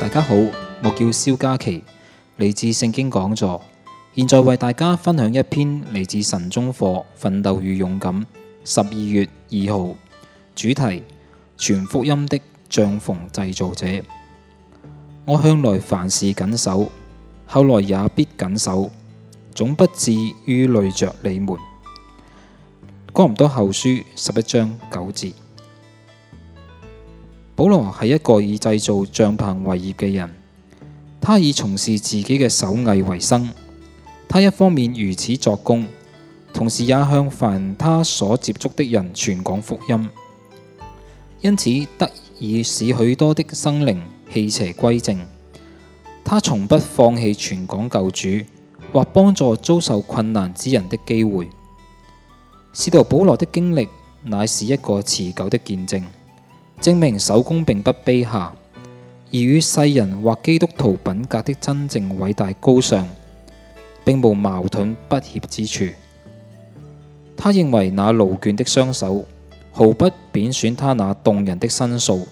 大家好，我叫肖嘉琪，嚟自聖經講座，現在為大家分享一篇嚟自神中課《奮鬥與勇敢》，十二月二號，主題傳福音的帳篷製造者。我向來凡事謹守，後來也必謹守，總不至於累着你們。哥林多後書十一章九節。保羅係一個以製造帳篷為業嘅人，他以從事自己嘅手藝為生。他一方面如此作工，同時也向凡他所接觸的人傳講福音，因此得以使許多的生靈棄邪歸正。他從不放棄傳講救主或幫助遭受困難之人的機會。使徒保羅的經歷乃是一個持久的見證。證明手工並不卑下，而與世人或基督徒品格的真正偉大高尚，並無矛盾不協之處。他認為那勞倦的雙手毫不貶損他那動人的身素、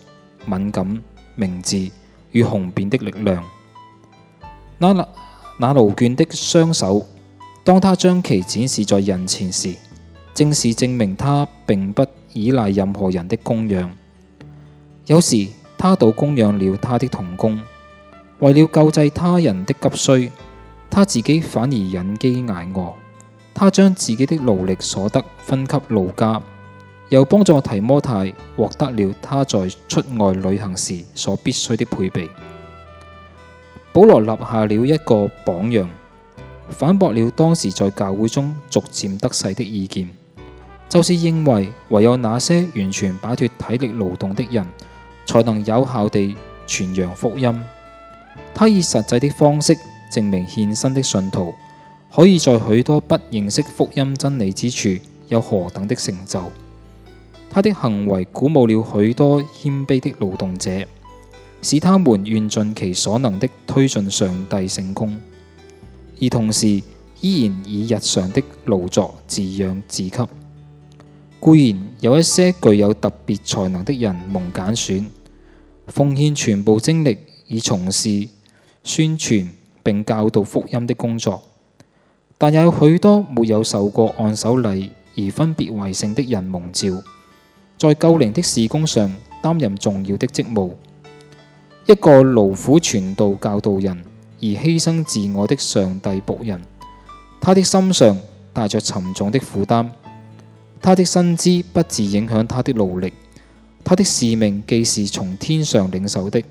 敏感、明智與雄辯的力量。那那那勞倦的雙手，當他將其展示在人前時，正是證明他並不依賴任何人的供養。有時他倒供養了他的童工，為了救濟他人的急需，他自己反而忍飢捱餓。他將自己的勞力所得分給勞家，又幫助提摩太獲得了他在出外旅行時所必需的配備。保羅立下了一個榜樣，反駁了當時在教會中逐漸得勢的意見，就是認為唯有那些完全擺脫體力勞動的人才能有效地傳揚福音。他以實際的方式證明，獻身的信徒可以在許多不認識福音真理之處有何等的成就。他的行為鼓舞了許多謙卑的勞動者，使他們願盡其所能的推進上帝聖工，而同時依然以日常的勞作自養自給。固然有一些具有特別才能的人蒙揀選。奉獻全部精力以從事宣傳並教導福音的工作，但有許多沒有受過按手禮而分別為聖的人蒙召，在救靈的事工上擔任重要的職務。一個勞苦傳道教導人而犧牲自我的上帝僕人，他的心上帶着沉重的負擔，他的薪資不至影響他的勞力。他的使命既是從天上領受的，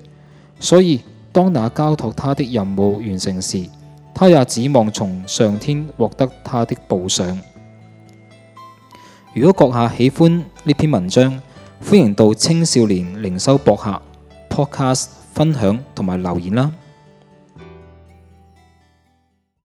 所以當那交託他的任務完成時，他也指望從上天獲得他的報賞。如果閣下喜歡呢篇文章，歡迎到青少年靈修博客 Podcast 分享同埋留言啦。